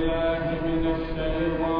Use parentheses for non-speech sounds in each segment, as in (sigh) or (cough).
الله من الشيطان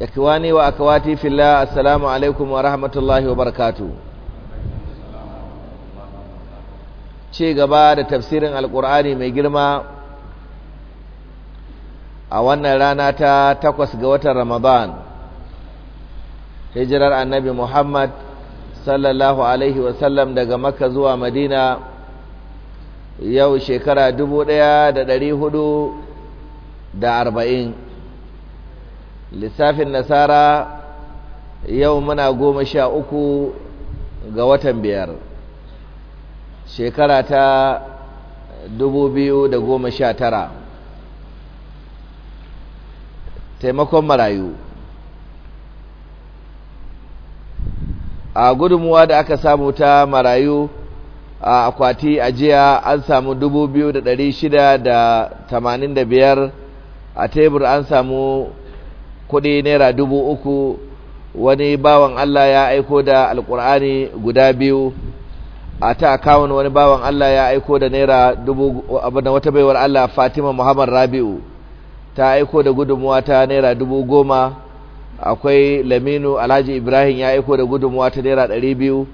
ikhwani wa akhawati fillah assalamu alaikum wa rahmatullahi wa barakatuh ce gaba da tafsirin alƙur'ani mai girma a wannan rana ta takwas ga watan ramadan hijirar annabi muhammad sallallahu alaihi sallam daga maka zuwa madina yau shekara dubu ɗaya da ɗari hudu da arba'in lissafin nasara yau muna goma sha uku ga watan biyar shekara ta dubu biyu da goma sha tara taimakon marayu a gudunmuwa da aka samu ta marayu a akwati ajiya an samu dubu biyu da shida da tamanin da biyar a tebur an samu kuɗi naira dubu uku wani bawan Allah ya aiko da alƙur'ani guda biyu a ta akawun wani bawan Allah ya aiko da naira dubu abinda wata baiwar Allah Fatima Muhammad Rabi'u ta aiko da gudunmuwa ta naira dubu goma akwai Laminu Alhaji Ibrahim ya aiko da gudunmuwa ta naira ɗari biyu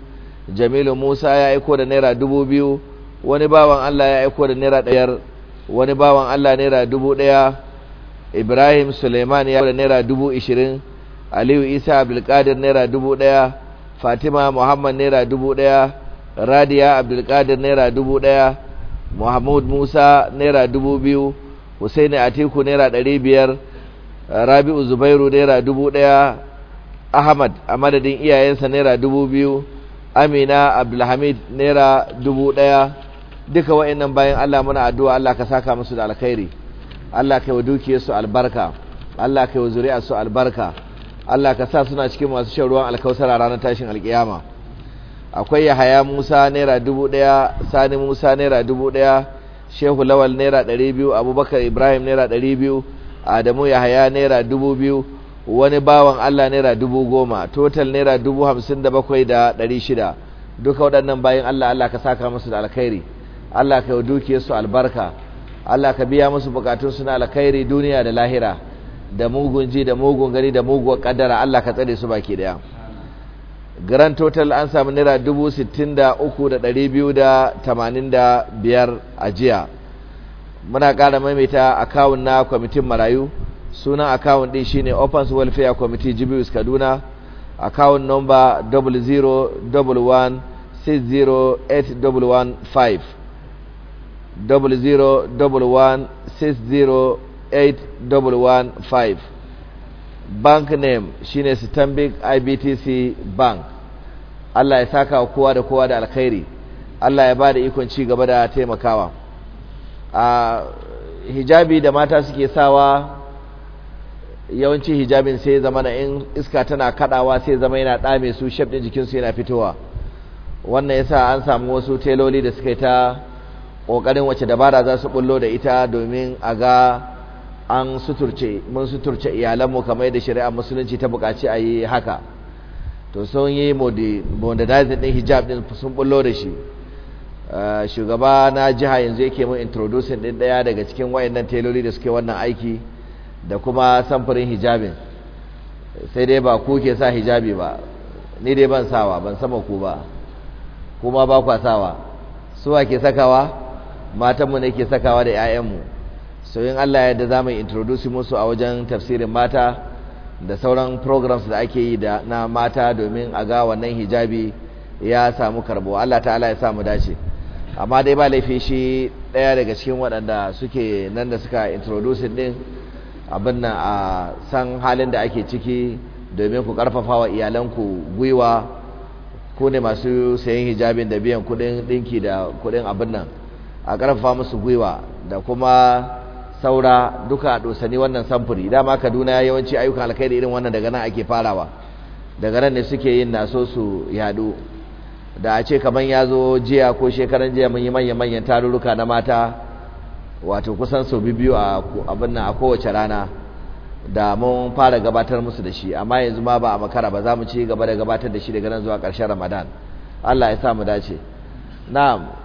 Jamilu Musa ya aiko da naira dubu biyu wani bawan Allah ya aiko da naira ɗayar wani bawan Allah naira dubu ɗaya ibrahim suleiman ya da naira dubu ishirin aliyu isa abdulkadir naira dubu ɗaya fatima muhammad naira dubu ɗaya radiya abdulkadir naira dubu ɗaya muhammad musa naira dubu biyu husaini atiku naira ɗari biyar rabi'u zubairu naira dubu ɗaya ahmad a madadin iyayensa naira dubu biyu amina abdulhamid naira dubu ɗaya duka wa'annan bayan allah muna addu'a allah ka saka musu da alkhairi Allah kai wa dukiyarsu albarka Allah kai wa su albarka Allah ka sa suna cikin masu shan ruwan alkausara ranar tashin alkiyama akwai Yahaya Musa naira dubu ɗaya Sani Musa naira dubu ɗaya Shehu Lawal naira ɗari biyu Abubakar Ibrahim naira ɗari biyu Adamu Yahaya naira dubu biyu wani bawan Allah naira dubu goma total naira dubu hamsin da bakwai da ɗari shida duka waɗannan bayan Allah Allah ka saka musu da alkhairi Allah ka yi dukiyarsu albarka Allah ka biya musu bukatun suna alkhairi duniya da lahira da mugun ji da mugun gani da muguwar kaddara Allah ka tsare su baki daya grand total an samu naira 63,285 a jiya muna kara maimaita akawun na kwamitin marayu sunan akawun ɗin shine opens welfare committee jibius kaduna akawun nomba 001160815 double bank name shine Stanbic IBTC bank Allah ya saka kowa da kowa da alkhairi Allah ya ba da ikon ci gaba da taimakawa a hijabi da mata suke sawa yawanci hijabin sai zama na in iska tana kadawa sai zama yana dame su shafin jikinsu yana fitowa wannan yasa an samu wasu teloli da suka ta ƙoƙarin wace dabara za su bullo da ita domin a ga an suturce mun suturce iyalanmu kamar yadda shari'a musulunci ta buƙaci a yi haka to sun yi modernizing ɗin hijab din sun bullo da shi uh, shugaba na jiha yanzu yake mun introducing ɗin ɗaya daga cikin wayannan teloli da suke wannan aiki da kuma samfurin hijabin sai dai ba ku ke sa hijabi ba ni dai ban sawa ban sama ku ba kuma ba kwa sawa suwa ke sakawa matanmu ne ke sakawa da 'ya'yanmu so yin Allah yadda za mu introduce musu a wajen tafsirin mata da sauran programs da ake yi da na mata domin a ga wannan hijabi ya samu karbo Allah ta'ala ya samu dace amma dai ba laifi shi ɗaya daga cikin waɗanda suke nan da suka introduce ɗin abin nan a san halin da ake ciki domin ku ƙarfafa wa iyalanku gwiwa ku ne masu sayan hijabin da biyan kuɗin ɗinki da kuɗin abin nan a ƙarfafa musu gwiwa da kuma saura duka a dosani wannan samfuri dama kaduna ya yawanci ayyukan alkhairi irin wannan daga nan ake farawa daga nan ne suke yin naso su yadu da a ce kamar ya zo jiya ko shekaran jiya mun yi manya-manyan taruruka na mata wato kusan sau biyu a abin nan a kowace rana da mun fara gabatar musu da shi amma yanzu ma ba a makara ba za mu ci gaba da gabatar da shi daga nan zuwa ƙarshen ramadan allah ya sa mu dace na'am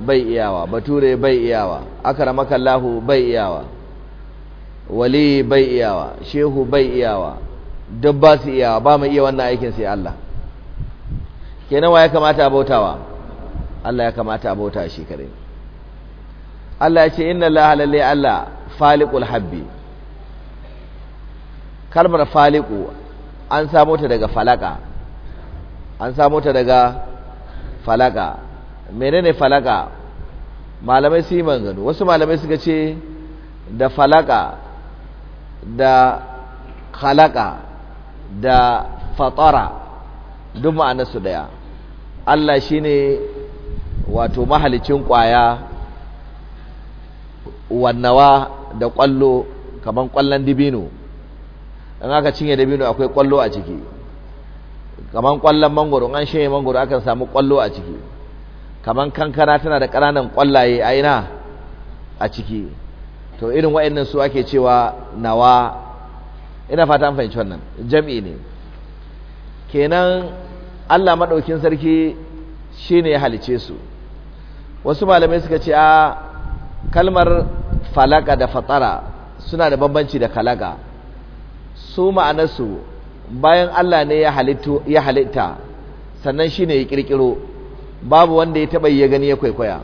bai iyawa bature bai iyawa akramakallahu bai iyawa wali bai iyawa shehu bai iyawa duk ba su iyawa ba mu iya wannan aikin sai Allah kenan wa ya kamata abotawa Allah ya kamata a shi kare Allah ya ce inna Allah lalle Allah faliqul habbi kalmar faliqu an samo ta daga falaka an samo ta daga falaka menene falaka malamai su yi manzano wasu malamai suka ce da falaka da halaka da fatara duk ma'anarsu daya Allah shi ne wato mahalicin ƙwaya wannawa da ƙwallo kamar ƙwallon dibino in aka cinye dabino akwai ƙwallo a ciki kamar ƙwallon mangoro an shanye mangoro akan samu kwallo a ciki kamar kankana tana da ƙananan ƙwallaye a ina a ciki to irin wa'annan su ake cewa nawa ina fata an fahimci wannan jam'i ne kenan Allah maɗaukin sarki shi ne ya halice su wasu malamai suka ce a kalmar falaka da fatsara suna da bambanci da kalaga su ma'anarsu bayan Allah ne ya halitta sannan shi ne ya ƙirƙiro babu wanda ya taba ya gani ya kwaikwaya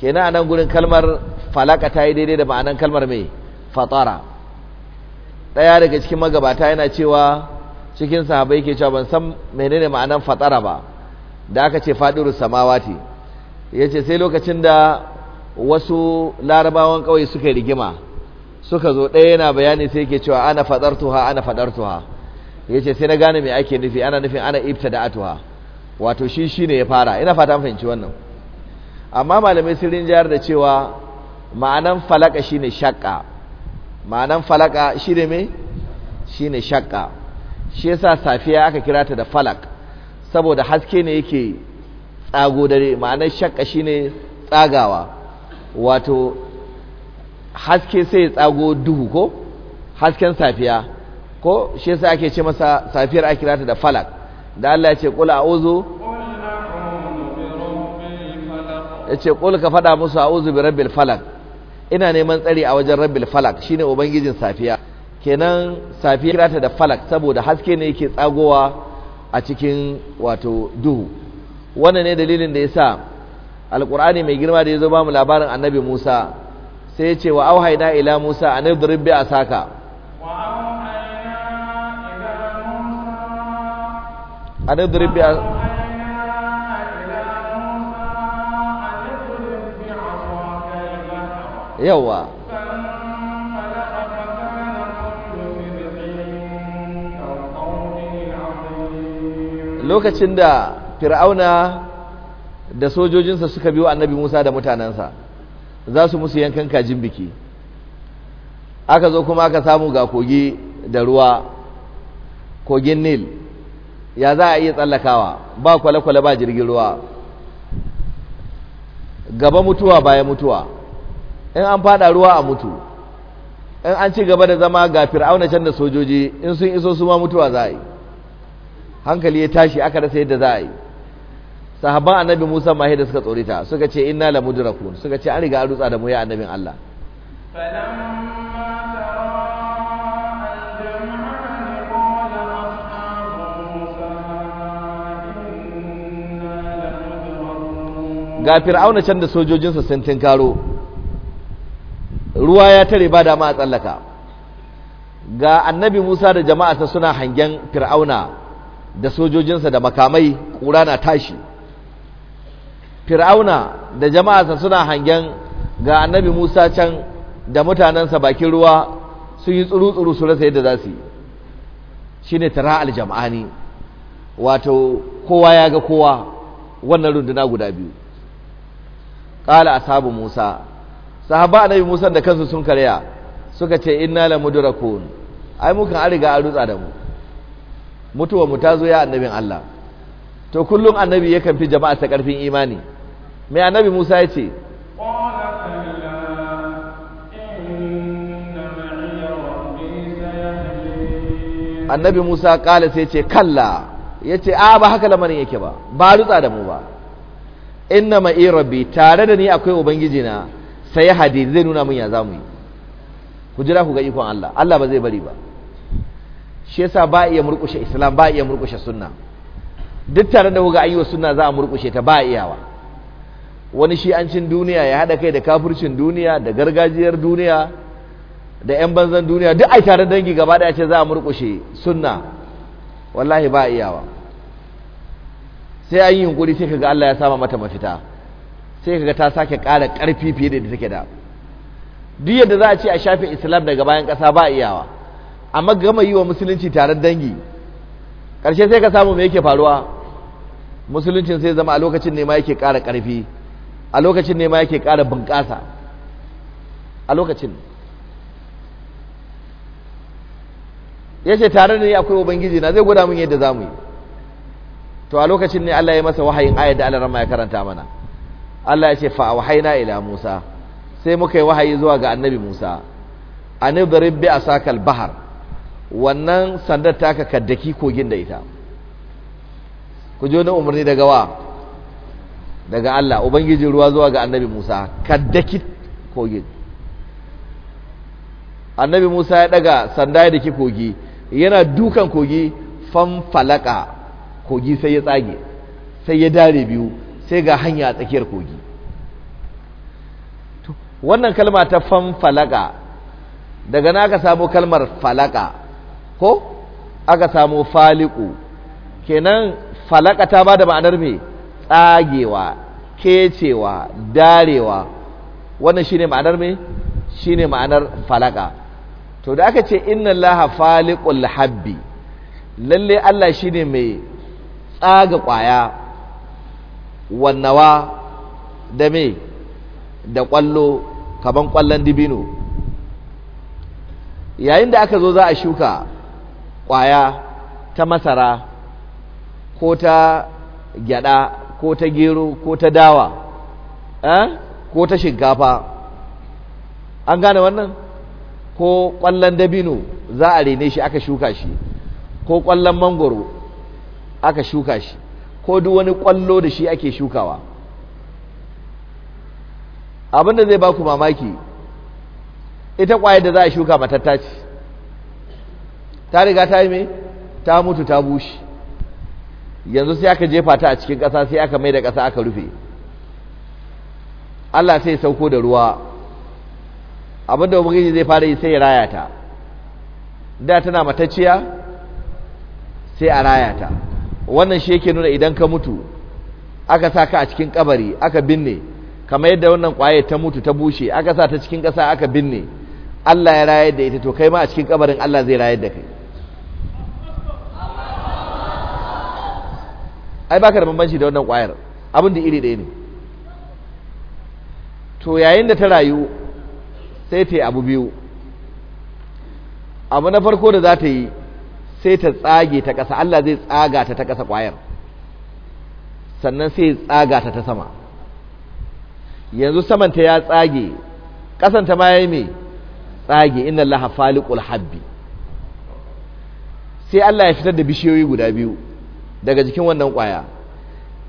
kenan anan gurin kalmar falaka ta yi daidai da ma'anan kalmar mai fatara daya daga cikin magabata yana cewa cikin sahabbai ke cewa ban san menene ma'anan fatara ba da aka ce fadiru samawati yace sai lokacin da wasu larabawan kauye suka rigima suka zo ɗaya yana bayani sai yake cewa ana tuha ana fadartuha yace sai na gane me ake nufi ana nufin ana ibtada'atuha wato shi shine ya fara ina fata fahimci wannan amma malamai sun rinjayar da cewa ma'anan falaka shine shakka ma'anan falaka shine me shine shakka shi yasa safiya aka kira ta da falak saboda haske ne yake tsago dare shakka shi shine tsagawa wato haske sai tsago duhu ko hasken safiya ko shi yasa ake ce masa safiyar ake kira ta da falak da Allah ya ce a a'udhu ya ce ƙul ka faɗa musu a a'udhu bi rabbil falak ina neman tsari a wajen rabbil falak shine ubangijin safiya kenan safiya kira ta da falak saboda haske ne yake tsagowa a cikin wato duhu wannan ne dalilin da ya sa alƙur'ani mai girma da ya zo ba mu labarin annabi Musa sai ya ce wa auhaina ila Musa an idrib a saka. أن اضرب بها yawa lokacin da fir'auna da sojojinsa suka biyo annabi musa da mutanensa za su musu yankan kajin biki aka zo kuma aka samu ga kogi da ruwa kogin nil ya za a iya tsallakawa ba kwale-kwale ba jirgin ruwa gaba mutuwa baya mutuwa in an fada ruwa a mutu in an ci gaba da zama ga fir'auna can da sojoji in sun iso su ma mutuwa za a yi hankali ya tashi aka rasa yadda za a yi sahabban annabi musa mahi da suka tsorita suka ce inna lamudurakun suka ce an riga an rutsa da mu ya annabin allah ga fir'auna can da sojojinsa sun tinkaro ruwa ya tare ba dama a tsallaka ga annabi musa da jama'arsa suna hangen fir'auna da sojojinsa da makamai ƙura na tashi fir'auna da jama'arsa suna hangen ga annabi musa can da mutanensa bakin ruwa sun yi tsuru-tsuru su rasa yadda za su yi shi ne tara aljam'ani wato kowa ya ga kowa wannan runduna guda biyu qala ashabu musa sahaba annabi musa da kansu sun karya suka ce inna la mudrakun ai mukan an riga an rutsa da mu mutuwa mu ta zo ya annabin Allah to kullum annabi yakan fi jama'a ta karfin imani mai annabi musa ya ce annabi musa kala sai ce kalla ya ce a ba haka lamarin yake ba ba rutsa da mu ba inna ma'i rabbi tare da ni akwai ubangiji na sai hadisi zai nuna min ya zamu yi ku ku ga ikon Allah Allah ba zai bari ba shi yasa ba iya murƙushe islam ba iya murƙushe sunna duk tare da kuga ayyuka sunna za a murƙushe ta ba iyawa wani shi an duniya ya haɗa kai da kafircin duniya da gargajiyar duniya da 'yan banzan duniya duk a tare dangi gaba ɗaya ce za a murƙushe sunna wallahi ba iyawa sai an yi yunkuri sai kaga Allah ya sama mata mafita sai kaga ta sake ƙara ƙarfi fiye da take da duk yadda za a ce a shafe islam daga bayan ƙasa ba iyawa amma gama yi wa musulunci taron dangi ƙarshe sai ka samu me yake faruwa musuluncin sai zama a lokacin ne ma yake ƙara ƙarfi a lokacin ne ma yake ƙara bunƙasa a lokacin ya ce tare da ni akwai ubangiji na zai gwada mun yadda za mu yi to a lokacin ne Allah ya masa wahayin ayar da Allah ya karanta mana Allah ya ce fa haina ila Musa sai muka yi wahayi zuwa ga annabi Musa anidrib bi asakal bahar wannan sandar ka kaddaki kogin da ita ku ji wani umarni daga wa daga Allah ubangijin ruwa zuwa ga annabi Musa kaddaki kogin annabi Musa ya daga sanda ya daki kogi yana dukan kogi fan fanfalaka kogi sai ya tsage sai ya dare biyu sai ga hanya a tsakiyar kogi wannan kalma ta fan falaka daga na aka samu kalmar falaka ko aka samu faliku kenan falaka ta ba da ma'anar mai tsagewa kecewa darewa wannan shine ma'anar mai shine ma'anar falaka to da aka ce inna laha faliqul habbi lalle Allah shine mai tsaga ƙwaya wannawa da me da ƙwallo kaman ƙwallon dibino yayin da aka zo za a shuka ƙwaya ta masara ko ta gyada ko ta gero ko ta dawa eh, ko ta shinkafa an gane wannan ko ƙwallon dabino za a rene shi aka shuka shi ko ƙwallon mangoro aka shuka shi ko duk wani kwallo da shi ake shukawa abinda zai ba ku mamaki ita kwaye da za a shuka matatta ta riga ta yi mai ta mutu ta bushe yanzu sai aka jefa ta a cikin kasa sai aka mai da kasa aka rufe Allah sai sauko da ruwa abinda da zai fara yi sai ya raya ta da tana matacciya sai a raya ta wannan shi yake nuna idan ka mutu aka sa ka a cikin kabari aka binne kamar yadda wannan kwaye ta mutu ta bushe aka sa ta cikin ƙasa aka binne Allah ya raye da ita to kai ma a cikin kabarin Allah zai raye da kai ai baka da bambanci da wannan kwayar abin da iri ɗaya ne to yayin da ta rayu sai ta yi abu biyu abu na farko da za ta yi sai ta tsage ta ƙasa Allah zai tsaga ta ta ƙasa ƙwayar sannan sai tsaga ta ta sama yanzu samanta ya tsage ƙasanta ma ya yi mai tsage inna laha faliƙul habbi sai Allah ya fitar da bishiyoyi guda biyu daga jikin wannan ƙwaya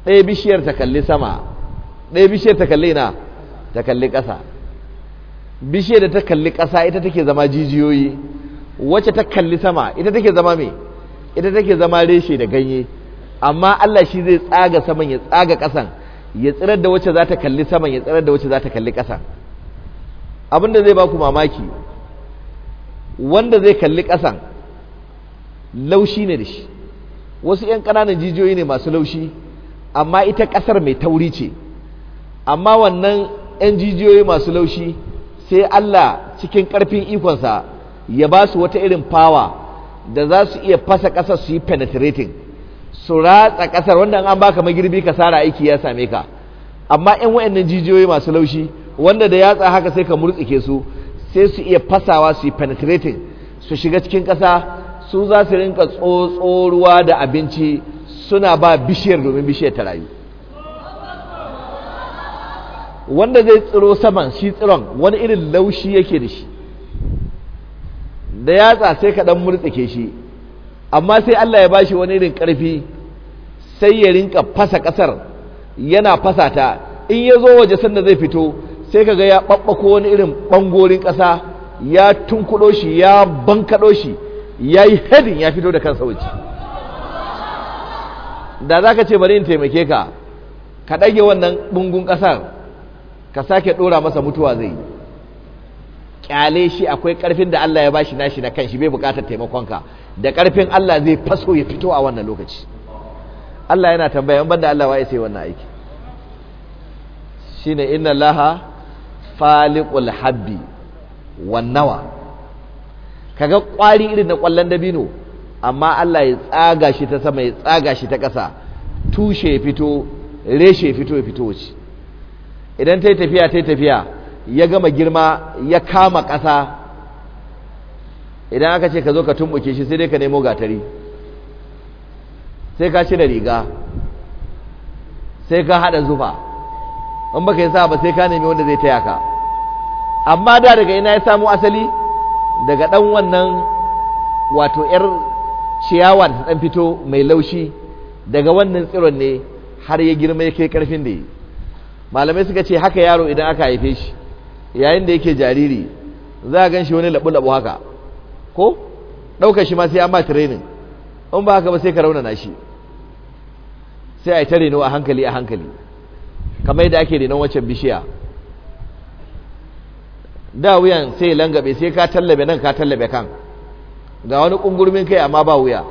ɗaya bishiyar ta kalli sama ɗaya bishiyar ta kalli na ta kalli ƙasa bishiyar da ta kalli ƙasa ita take zama jijiyoyi wacce ta kalli sama ita take zama me ita take zama reshe da ganye amma Allah shi zai tsaga saman ya tsaga ƙasan ya tsirar da wacce za ta kalli saman ya tsirar da wacce za ta kalli ƙasan abin zai ba ku mamaki wanda zai kalli kasan laushi ne da shi wasu 'yan ƙananan jijiyoyi ne masu laushi amma ita ƙasar mai tauri ce amma wannan 'yan jijiyoyi masu laushi sai Allah cikin ƙarfin ikonsa ya ba su wata irin fawa da za su iya fasa ƙasar su yi penetrating su ratsa ƙasar wanda an baka magirbi ka sara aiki ya same ka amma 'yan wayannan jijiyoyi masu laushi wanda da yatsa haka sai ka murtsike su sai su iya fasawa su yi penetrating su shiga cikin ƙasa su za su rinka tsotso da abinci suna ba bishiyar domin bishiyar ta rayu wanda zai tsiro saman shi tsiron wani irin laushi yake da shi da yatsa sai ka dan murtsike shi amma sai Allah ya ba shi wani irin ƙarfi sai ya rinka fasa ƙasar yana fasa ta in ya zo waje sanda zai fito sai ka ga ya babbako wani irin ɓangorin ƙasa, ya tunkuɗo shi ya bankaɗo shi ya yi hedin ya fito da kansa waje da za ka ce bari in taimake ka ka ɗage wannan bungun ƙasar ka sake ɗora masa mutuwa zai yi kyale shi akwai karfin da Allah ya bashi nashi na shi bai bukatar taimakonka da karfin Allah zai faso ya fito a wannan lokaci Allah yana tambaya in banda Allah waye sai wannan aiki shine inna laha faliqul habbi wan nawa kaga kwari irin na kwallon dabino amma Allah ya tsaga shi ta sama ya tsaga shi ta kasa tushe ya fito reshe ya fito ya fito wuce idan ta yi tafiya ta yi tafiya ya gama girma ya kama ƙasa idan aka ce ka zo ka tumbuke shi sai dai ka nemo gatari sai ka da riga sai ka haɗa zufa in baka yi sa ba sai ka nemi wanda zai taya ka amma da daga ina ya samu asali daga ɗan wannan wato 'yar ciyawa da ta ɗan fito mai laushi daga wannan tsiron ne har ya girma ya kai ƙarfin da yi malamai suka ce haka yaro idan aka haife shi yayin da yake jariri za a gan shi wani labu-labu haka ko ɗaukar shi ma sai an ba training in ba haka ba sai ka raunana shi sai a yi ta reno a hankali a hankali kamar yadda ake renon waccan bishiya da wuyan sai langabe sai ka tallabe nan ka tallabe kan ga wani ƙungurmin kai amma ba wuya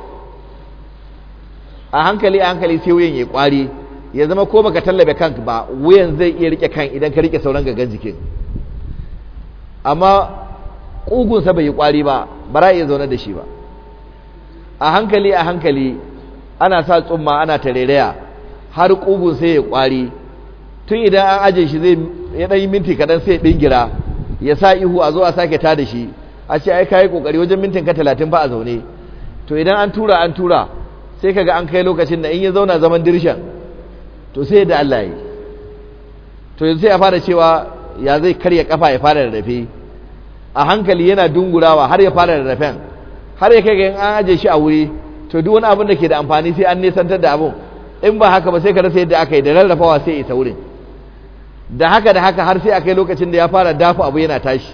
a hankali a hankali sai wuyan ya kwari ya zama ko baka tallabe kan ba wuyan zai iya rike kan idan ka rike sauran gangan jikin amma ƙugunsa bai yi ƙwari ba ba za a iya zaune da shi ba a hankali a hankali ana sa tsumma ana tareraya har ƙugun sai ya ƙwari tun idan an aje shi zai ya ɗan minti kaɗan sai ɓingira ya sa ihu a zo a sake ta da shi a ce ai kayi ƙoƙari wajen mintin ka talatin ba a zaune to idan an tura an tura sai kaga an kai lokacin da in ya zauna zaman dirshan to sai da Allah yi to sai a fara cewa ya zai karya kafa ya fara rarrafe a hankali yana dungurawa har ya fara rarrafen har ya kai ga an aje shi a wuri to duk wani abin da ke da amfani sai an nesantar da abun in ba haka ba sai ka rasa yadda aka yi da rarrafawa sai isa wurin da haka da haka har sai a kai lokacin da ya fara dafa abu yana tashi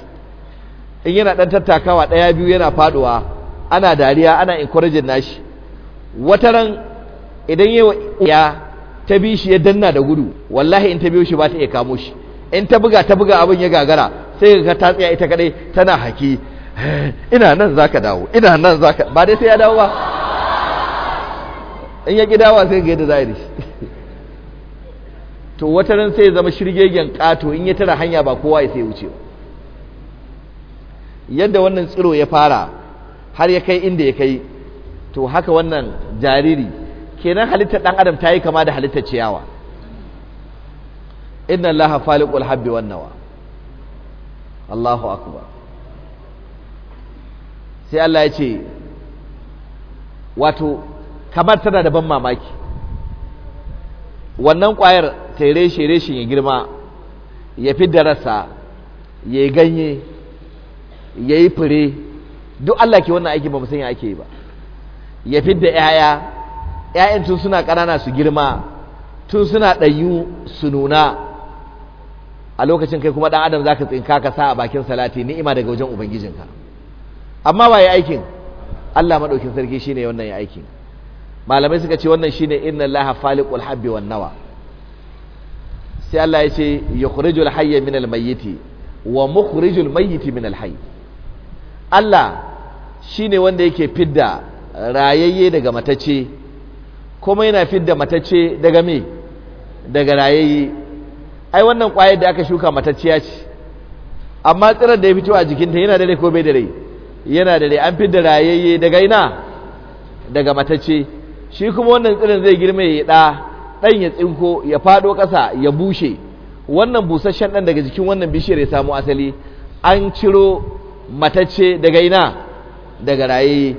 in yana dan tattakawa daya biyu yana faduwa ana dariya ana encouraging nashi ran idan ya ta bi shi ya danna da gudu wallahi in ta biyo shi ba ta iya kamo shi in ta buga ta buga abin ya gagara sai ka tatsiya ita kadai tana haki eh, ina nan zaka dawo ina nan zaka ba dai sai ya dawo ba in ya ki dawa sai ga yadda za yi to wata ran sai ya zama shirgegen kato in ya tara hanya ba kowa ya sai wuce ba yadda wannan tsiro ya fara har ya kai inda ya kai to haka wannan jariri kenan halitta ɗan adam ta yi kama da halittar ciyawa inna allaha faliqul habbi wannawa. Allahu akbar sai Allah ya ce wato kamar tana da ban mamaki wannan kwayar ta yi reshe-reshen ya girma ya fi da ya yi ganye ya yi fure duk Allah ke wannan aiki ba musamman ake yi ba ya fi da 'ya'ya 'ya'yan tun suna ƙanana su girma tun suna ɗayu su nuna a lokacin kai kuma dan adam zaka tsinka ka sa a bakin salati ni'ima daga wajen ubangijinka amma waye aikin Allah madaukin sarki shine wannan ya aikin malamai suka ce wannan shine inna laha faliqul habbi wan nawa sai Allah ya ce yukhrijul hayya minal mayyiti wa mukhrijul mayyiti minal hayy Allah shine wanda yake fidda rayayye daga matacce kuma yana fidda matace daga me daga rayayye ai wannan kwayar da aka shuka matacciya ce amma tsirar da ya fito a jikinta yana da rai ko bai da rai yana da rai an fi da rayayye daga ina daga matacce shi kuma wannan tsirin zai girma ya ɗa ɗan ya tsinko ya faɗo ƙasa ya bushe wannan busasshen ɗan daga jikin wannan bishiyar ya samu asali an ciro matacce daga ina daga rayayye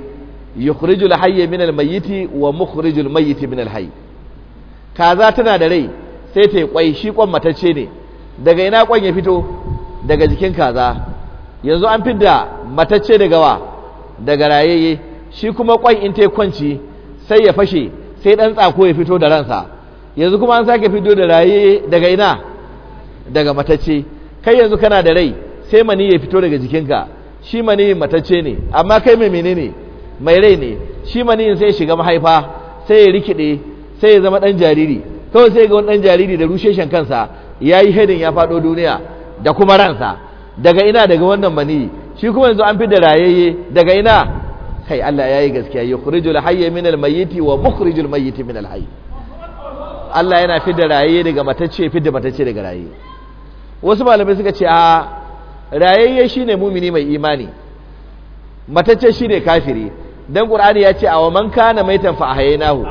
yukhrijul minal mayyiti wa mukhrijul mayyiti minal hayy kaza tana da rai sai ta yi kwai shi kwan matacce ne daga ina kwan ya fito daga jikin kaza yanzu an fidda matacce daga wa daga rayayye shi kuma kwan in ta kwanci sai ya fashe sai dan tsako ya fito da ransa yanzu kuma an sake fito da rayayye daga ina daga matacce kai yanzu kana da rai sai mani ya fito daga jikinka shi mani matacce ne amma kai mai menene mai rai ne shi mani sai shiga mahaifa sai ya rikide sai ya zama dan jariri kawai sai ga wani jariri da rusheshen kansa ya yi hedin ya faɗo duniya da kuma ransa daga ina daga wannan mani shi kuma yanzu an fi da rayayye daga ina kai Allah ya yi gaskiya yukhrijul hayya min al wa wa mukhrijul mayyiti min alhayi. Allah yana fi da rayayye daga matacce fi da matacce daga rayayye wasu malamai suka ce a rayayye shine mumini mai imani matacce shine kafiri dan qur'ani ya ce a wa man kana maitan fa ahyaynahu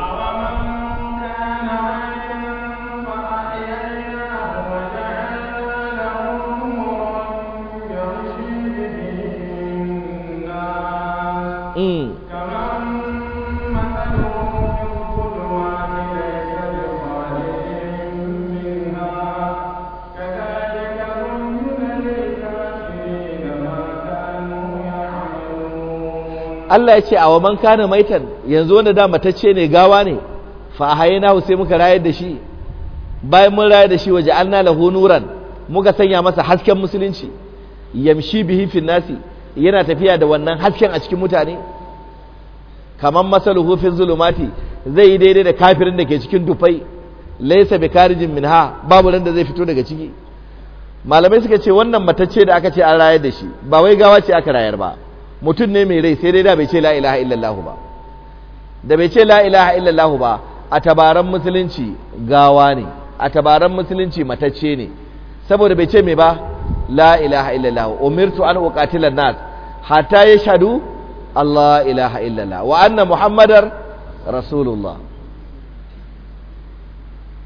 Allah ya ce a waman kana maitan yanzu wanda da matacce ne gawa ne fa hu sai muka rayar da shi bayan mun rayar da shi waje anna lahu nuran muka sanya masa hasken musulunci yamshi bihi fi nasi yana tafiya da wannan hasken a cikin mutane kaman masaluhu fi zulumati zai yi daidai da kafirin da ke cikin dufai laysa bi karijin minha babu ran da zai fito daga ciki malamai suka ce wannan matacce da aka ce an rayar da shi ba wai gawa ce aka rayar ba mutum ne mai rai sai dai da bai ce la ilaha illallah ba da bai ce la ilaha illallah ba a tabaran musulunci gawa ne a tabaran musulunci matacce ne saboda bai ce mai ba la ilaha illallah umirtu an uqatila nas hatta shaɗu Allah ilaha illallah wa anna muhammadar rasulullah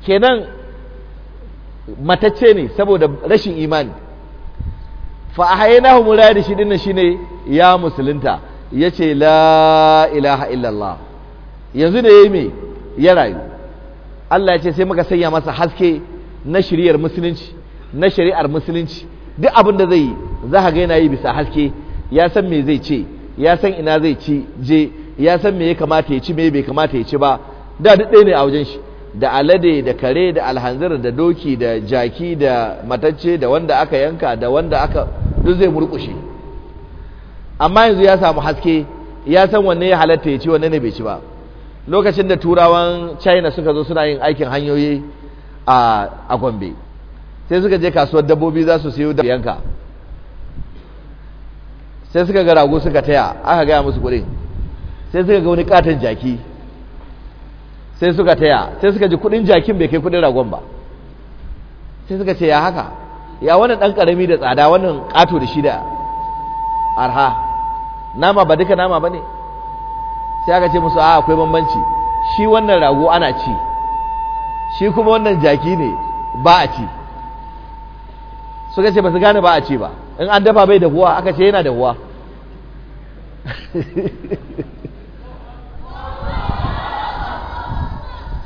kenan matacce ne saboda rashin imani fa ahyaynahu da shi dinnan ne ya musulunta ya ce la ilaha illallah yanzu da ya yi mai ya rayu Allah ya ce sai muka sanya masa haske na shiriyar musulunci na shari'ar musulunci duk abin da zai yi za ga yana yi bisa haske ya san me zai ce ya san ina zai ci je ya san me ya kamata ya ci me bai kamata ya ci ba da duk ɗaya ne a wajen shi da alade da kare da alhanzir da doki da jaki da matacce da wanda aka yanka da wanda aka duk zai murƙushe amma yanzu ya samu haske ya san wanne ya halatta ya ci wanne ne bai ci ba lokacin da turawan china suka zo suna yin aikin hanyoyi a gombe sai suka je kasuwar dabbobi za su siyo da yanka sai suka ga rago suka taya aka gaya musu kuɗin sai suka ga wani katon jaki sai suka taya sai suka ji kuɗin jakin bai kai kuɗin ragon ba sai suka ce ya haka ya wannan ɗan ƙarami da tsada wannan ƙato da shi da arha nama ba duka nama ba ne sai aka ce musu a akwai bambanci shi wannan rago ana ci shi kuma wannan jaki ne ba a ci suka ce ba su gane ba a ci ba in an dafa bai dahuwa aka ce yana dahuwa (laughs)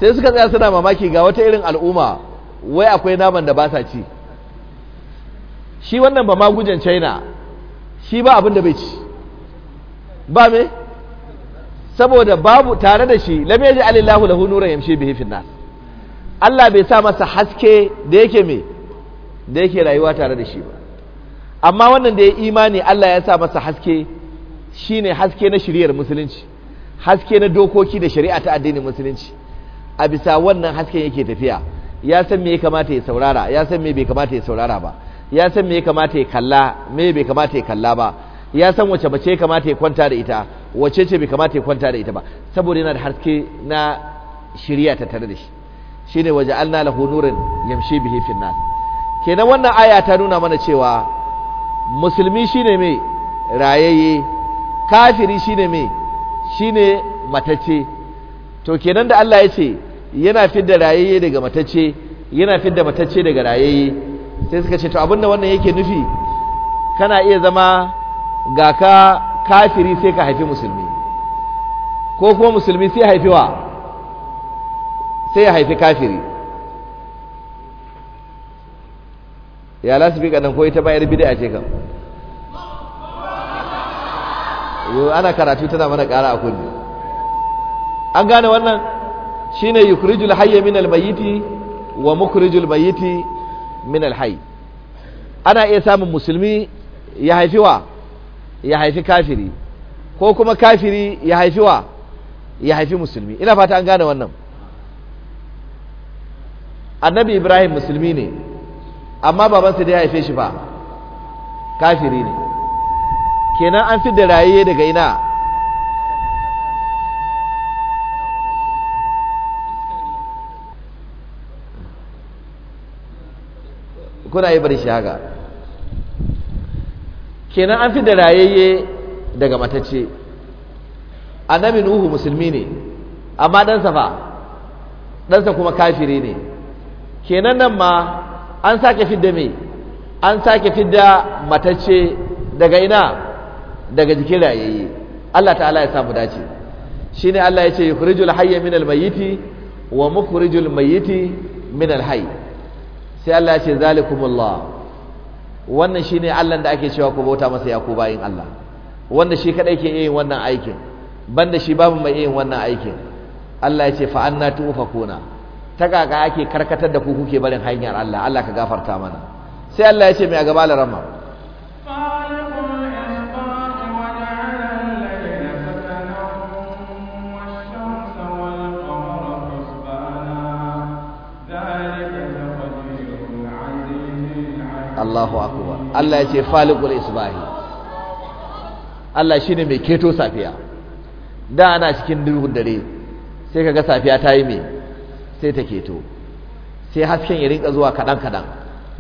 sai suka tsaya suna mamaki ga wata irin al'umma wai akwai naman da ba sa ci shi wannan ba magujan china shi ba abin da bai ci ba me saboda babu tare da shi lam yaji alillahu lahu nuran yamshi bihi fi nas Allah bai sa masa haske da yake me da yake rayuwa tare da shi ba amma wannan da ya imani Allah ya sa masa haske shine haske na shiriyar musulunci haske na dokoki da shari'a ta addinin musulunci a bisa wannan hasken yake tafiya ya san me ya kamata ya saurara ya san me bai kamata ya saurara ba ya san me ya kamata ya kalla me bai kamata ya kalla ba ya san wace bace kamata ya kwanta da ita wace ce bai kamata ya kwanta da ita ba saboda yana da haske na shirya ta tare da shi shine waje alna lahu nurin yamshi bihi fin nas kenan wannan aya ta nuna mana cewa musulmi shine mai rayayye kafiri shine mai shine matacce to kenan da Allah ya ce yana fidda rayayye daga matacce yana fidda matacce daga rayayye sai suka ce to abinda wannan yake nufi kana iya zama ga ka kafiri sai ka haifi musulmi ko kuma musulmi sai haifi wa sai ya haifi kafiri ya lasu fi kanan ko ita bayar bid'a ce kan ana karatu tana mana kara a kunni an gane wannan shine yukurijul hayye min mayiti wa mukurijul mayiti min alhayy ana iya samun musulmi ya haifi wa ya haifi kafiri ko kuma kafiri ya haifi wa ya haifi musulmi ina fata an gane wannan annabi ibrahim musulmi ne amma babansa da ya haife shi ba kafiri ne kenan an fi da raye daga ina kuna yi bari shi haka kenan an fi da rayayye daga matacce annabi nuhu musulmi ne amma ɗansa fa ɗansa kuma kafiri ne kenan nan ma an sake fidda me an sake fidda matace daga ina daga jikin rayayye Allah ta'ala ya samu dace shine Allah ya ce yukhrijul hayya minal mayiti wa mukhrijul mayyiti minal hayy sai Allah ya ce zalikumullah wannan shine Allah da ake cewa ku bauta masa ya ku bayin Allah wanda shi kadai ke yin wannan aikin banda shi babu mai yin wannan aikin Allah ya ce fa anna tufakuna ta kaka ake karkatar da ku kuke barin hanyar Allah Allah ka gafarta mana sai Allah ya ce mai a gaba larama Allahu akbar Allah ya ce faliqul isbahi Allah shine mai keto safiya da ana cikin duhun dare sai kaga safiya ta yi me sai ta keto sai hasken ya rinka zuwa kadan kadan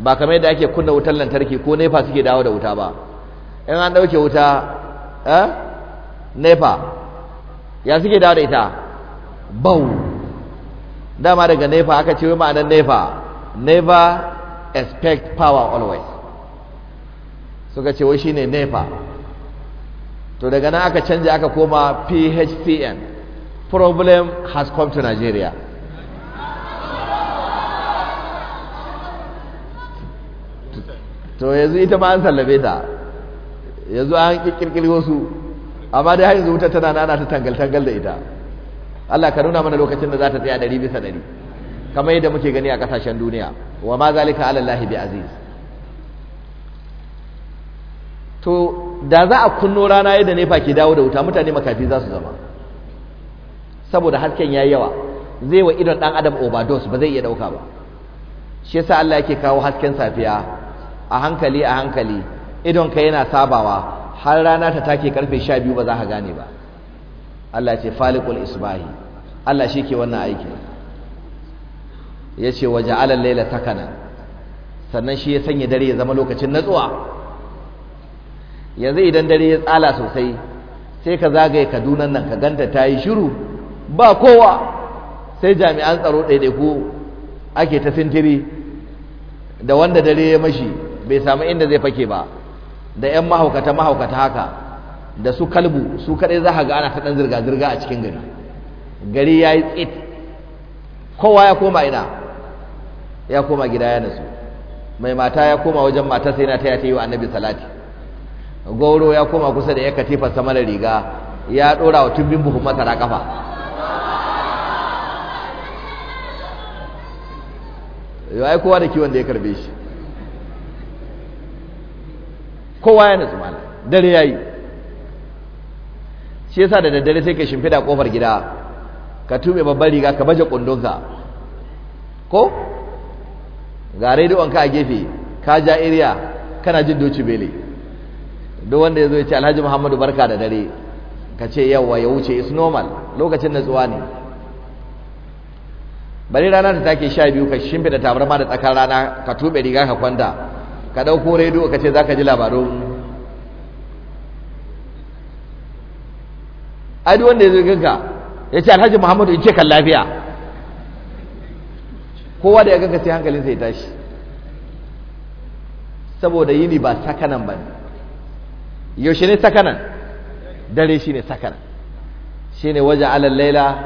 ba kamar yadda ake kunna wutar lantarki ko nefa suke dawo da wuta ba in an dauke wuta eh nefa ya suke dawo da ita bau dama daga nefa aka ce wai ma'anar nefa never expect power always suka ce wai shine nepa to daga nan aka canja aka koma phcn problem has come to nigeria to yanzu ita ma an sallabe ta yanzu an kirkiri wasu amma dai hanyar yanzu tana nana ta tangal-tangal da ita Allah ka nuna mana lokacin da za ta tsaya ɗari bisa ɗari kamar yadda muke gani a kasashen duniya wa ma zalika ala Allah bi aziz to da za a kunno rana yadda nefa ke dawo da wuta mutane makafi za su zama saboda hasken yayi yawa zai wa idon dan adam overdose ba zai iya dauka ba shi yasa Allah yake kawo hasken safiya a hankali a hankali idon ka yana sabawa har rana ta take karfe 12 ba za ka gane ba Allah ce faliqul isbahi Allah shi ke wannan aikin ya ce waje alal laila takana sannan shi ya sanya dare ya zama lokacin natsuwa yanzu idan dare ya tsala sosai sai ka zagaye kadunan nan ka ganta ta yi shiru ba kowa sai jami'an tsaro ɗaiɗaiku ake ta sintiri da wanda dare ya mashi bai samu inda zai fake ba da 'yan mahaukata mahaukata haka da su kalbu su kaɗai za ga ana ta ɗan zirga-zirga a cikin gari gari ya yi tsit kowa ya koma ina ya koma gida ya nasu mai mata ya koma wajen mata sai na taya ta yi wa annabi salati gauro ya koma kusa da ya katifa sama da riga ya dora wa tumbin buhun masara kafa ya kowa da kiwon da ya karbe shi kowa ya nasu mana dare ya yi shi yasa da daddare sai ka shimfida kofar gida ka tube babban riga ka baje kundunka ko ga rediyonka a gefe ka ja iriya kana jin doci bele duk wanda ya zo ya ce alhaji muhammadu barka da dare ka ce yawa ya wuce is normal lokacin natsuwa ne bari rana ta take sha biyu ka shimfida tabarma da tsakar rana ka tube riga ka kwanta ka ɗauko rediyo ka ce za ka ji labarun duk wanda ya zo ginka ya ce alhaji muhammadu in ce kan lafiya kowa da ya ganka sai hankalin sai tashi saboda yini ba sakanan ba ne yaushe ne sakanan dare shi ne sakanan shi ne waje alal laila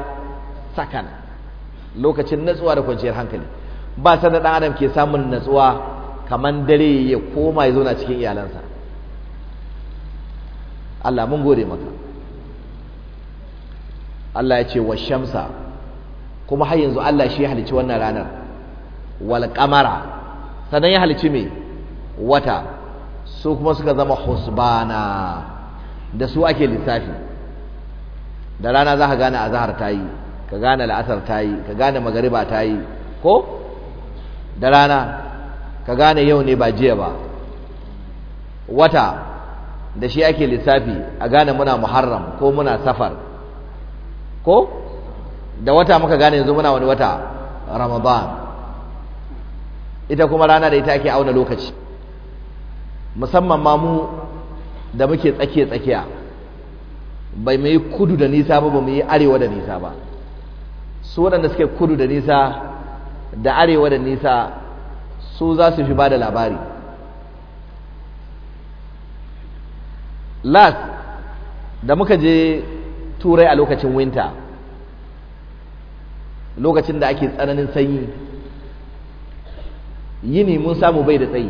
sakana lokacin natsuwa da kwanciyar hankali ba sanar ɗan adam ke samun natsuwa kamar dare ya koma ya zauna cikin iyalansa Allah mun gode maka Allah ya ce wa shamsa kuma har yanzu Allah shi ya halicci wannan ranar wal kamara sannan ya halici me wata su kuma suka zama husbana da su ake lissafi da rana za ka gane azhar ta yi ka gane la'asar ta yi ka gane magariba ta yi ko da rana ka gane yau ne ba jiya ba wata da shi ake lissafi a gane muna muharram ko muna safar ko da wata muka gane yanzu muna wani wata ramadan ita kuma rana da ita ake auna lokaci musamman ma mu da muke tsakiya tsakiya bai mai kudu da nisa ba ba mu arewa da nisa ba su waɗanda suke kudu da nisa da arewa da nisa su za su fi ba da labari las da muka je turai a lokacin winter lokacin da ake tsananin sanyi yini mun samu bai da tsayi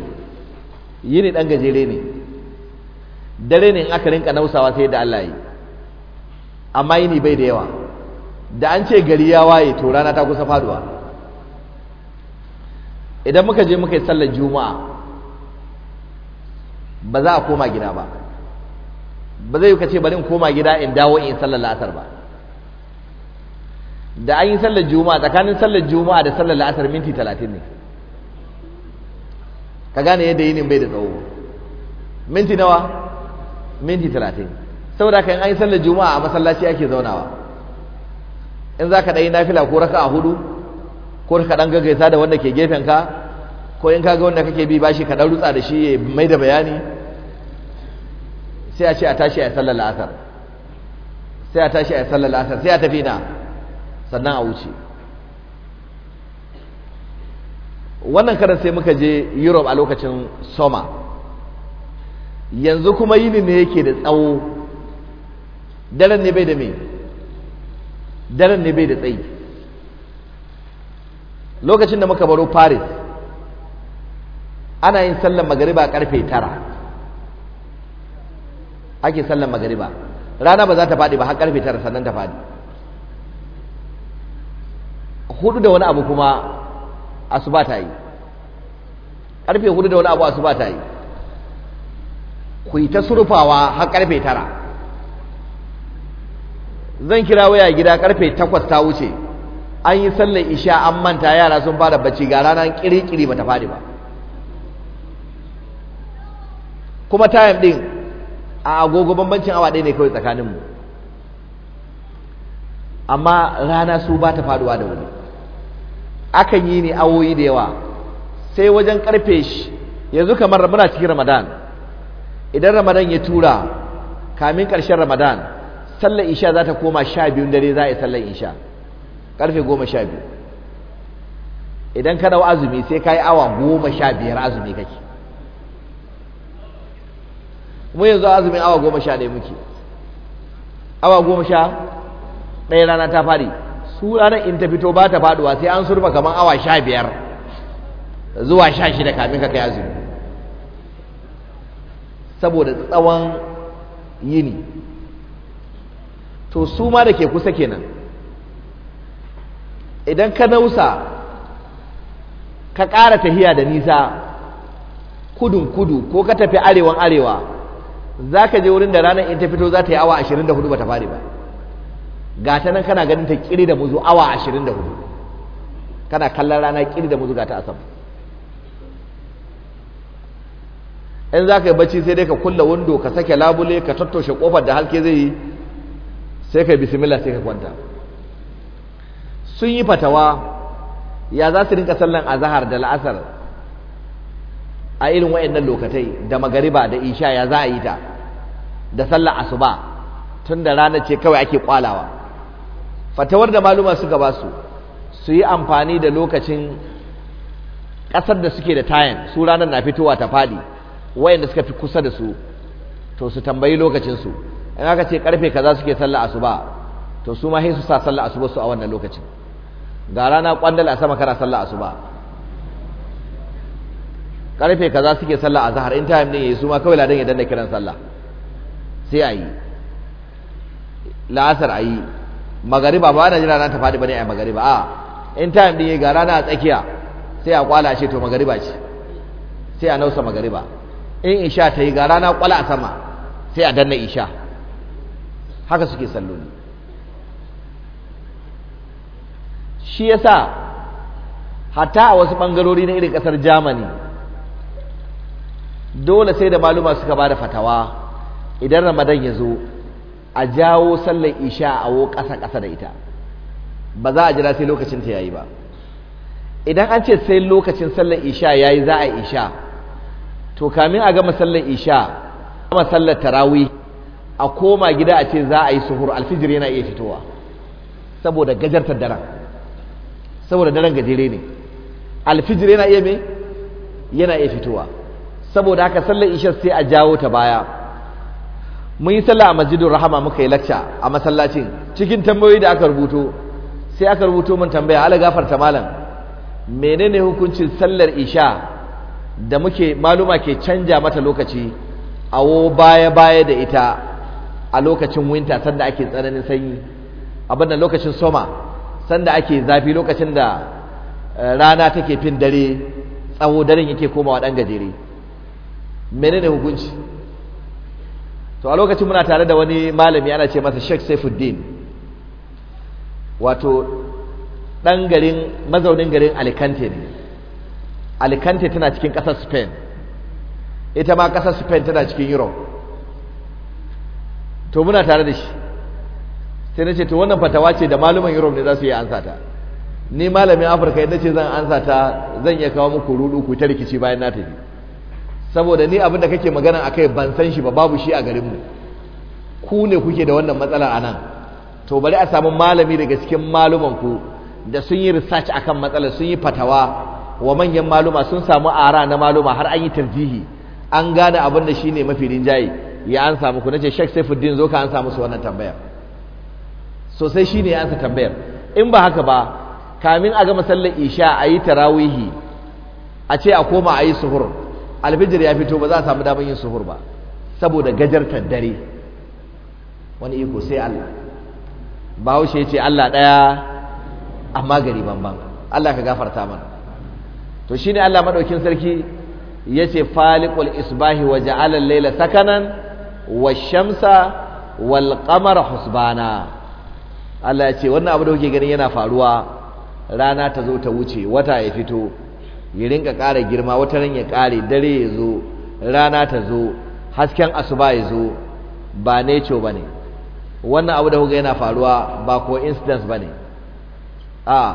yini dan gajere ne dare ne in aka rinka nausawa sai da Allah yi amma yini bai da yawa da an ce gari ya waye to rana ta kusa faduwa idan muka je muka yi sallar juma'a ba za a koma gida ba ba zai yi ce bari in koma gida in dawo in sallar la'asar ba da an yi sallar juma'a tsakanin sallar juma'a da sallar la'asar minti talatin ne ka gane yadda yinin bai da tsawo minti nawa minti talatin saboda kan an yi sallar juma'a a masallaci ake zaunawa in za ka na nafila ko raka a hudu ko ka ɗan gaggaisa da wanda ke gefen ka ko in kaga wanda kake bi bashi ka ɗan rutsa da shi ya mai da bayani sai a ce a tashi a sallar la'asar sai a tashi a sallar la'asar sai a tafi na sannan a wuce wannan karin sai muka je europe a lokacin soma yanzu kuma yini ne yake da tsawo daren ne bai da mai daren ne bai da tsayi lokacin da muka baro paris ana yin sallan magariba karfe tara ake sallan magariba rana ba za ta faɗi ba har karfe tara sannan ta faɗi hudu da wani abu kuma asuba ta yi karfe hudu da wani abu asuba ta yi ku yi ta surfawa har karfe tara zan kira waya gida karfe takwas ta wuce an yi sallar isha an manta yara sun fara bacci ga rana kirikiri ta fadi ba kuma time din a agogo bambancin awa ɗaya ne kawai tsakaninmu amma rana su ba ta faduwa da wuri akan yi ne awoyi da yawa sai wajen karfe shi yanzu kamar muna cikin ramadan idan ramadan ya tura kamin karshen ramadan sallar isha za ta koma sha biyun dare za a yi sallar isha karfe goma sha biyu idan ka dau azumi sai ka yi awa goma sha biyar azumi kake mu yanzu azumin awa goma sha ɗaya muke awa goma sha ɗaya rana ta fari su ranar in ta fito ba ta faduwa sai an surfa kamar awa sha biyar zuwa sha shida kamin ka kai azumi saboda tsawon yini to su ma da ke kusa kenan idan ka nausa ka ƙara tahiya da nisa kudun kudu ko ka tafi arewan arewa za ka je wurin da ranar in ta fito za ta yi awa 24 ba ta fari ba ga ta nan kana ganin ta kiri da muzu awa ashirin da hudu kana kallon rana kiri da muzu ga ta asam in za ka yi bacci sai dai ka kulla wando ka sake labule ka tattoshe kofar da halke zai yi sai ka yi bismillah sai ka kwanta sun yi fatawa ya za su rinka sallan azahar da la'asar a irin wa'annan lokatai da magariba da isha ya za a yi ta da sallar asuba tun da rana ce kawai ake kwalawa fatawar da maluma suka ba su su yi amfani da lokacin ƙasar da suke da tayan su ranar na fitowa ta faɗi wayanda suka fi kusa da su to su tambayi lokacinsu in aka ce karfe kaza suke sallah asuba to su ma su sa sallah asuba su a wannan lokacin ga rana kwandal a sama kana sallah asuba karfe kaza suke sallah zahar in time ne yayi su ma kawai ladan ya danna kiran sallah sai ayi la'asar ayi magariba ba na jira ta faɗi bane a magariba a in time din ga rana a tsakiya sai a kwala ce to magariba ce sai a nausa magariba in isha ta yi ga rana kwala a sama sai a danna isha haka suke salloli shi yasa hatta a wasu bangarori na irin kasar Germany dole sai da maluma suka ba da fatawa idan Ramadan ya zo a jawo sallar isha a wo ƙasa ƙasa da ita ba za a jira sai lokacin ta yayi ba idan an ce sai lokacin sallar isha yayi za a isha to kamin a gama sallar isha gama sallar tarawi a koma gida a ce za a yi suhur alfijir yana iya fitowa saboda gajartar daren saboda daren gajere ne alfijir yana iya me yana iya fitowa saboda haka sallar isha sai a jawo ta baya mun yi sallah a masjidin rahama muka yi lacca a masallacin cikin tambayoyi da aka rubuto sai aka rubuto mun tambaya ala gafarta malam menene hukuncin sallar isha da muke maluma ke canja mata lokaci awo baya baya da ita a lokacin Winta sanda ake tsananin sanyi abin da lokacin soma sanda ake zafi lokacin da eh, rana take fin dare tsawo daren yake komawa dan gajere menene hukunci to a lokacin muna tare da wani malami ana ce masa Sheikh Saifuddin wato dan garin mazaunin garin Alicante ne Alicante tana cikin ƙasar Spain ita ma ƙasar Spain tana cikin Europe to muna tare da shi sai na ce to wannan fatawa ce da maluman Europe ne za su yi ansa ta ni malamin Afirka yadda ce zan ansa ta zan iya kawo muku rudu ku ta rikici bayan na tafi saboda ni abin da kake magana a kai. ban san shi ba babu shi a garinmu ku ne kuke da wannan matsalar a nan to bari a samu malami daga cikin malumanku da sun yi research akan matsalar sun yi fatawa wa manyan maluma sun samu ara na maluma har an yi tarjihi an gane abin da shi ne mafi rinjaye ya an samu ku nace Sheikh Saifuddin zo ka an samu su wannan tambayar sosai shi ne ya ansa tambayar in ba haka ba kamin a gama sallar isha a yi tarawihi a ce a koma a yi suhur alfijir ya fito ba za a samu damar yin suhur ba saboda gajartar dare wani iko sai Allah bahaushe ya ce Allah ɗaya amma gari banban Allah ka gafarta mana to shine Allah madaukin sarki yace faliqul isbahi wa ja'ala al-layla sakanan wa shamsa wal-qamara husbana Allah yace wannan abu da kuke ganin yana faruwa rana ta zo ta wuce wata ya fito ya rinka ƙara girma wata ran ya ƙare dare ya zo rana ta zo hasken asuba ya zo ba ce ba ne wannan abu da kuka yana faruwa ba ko incidence ba ne a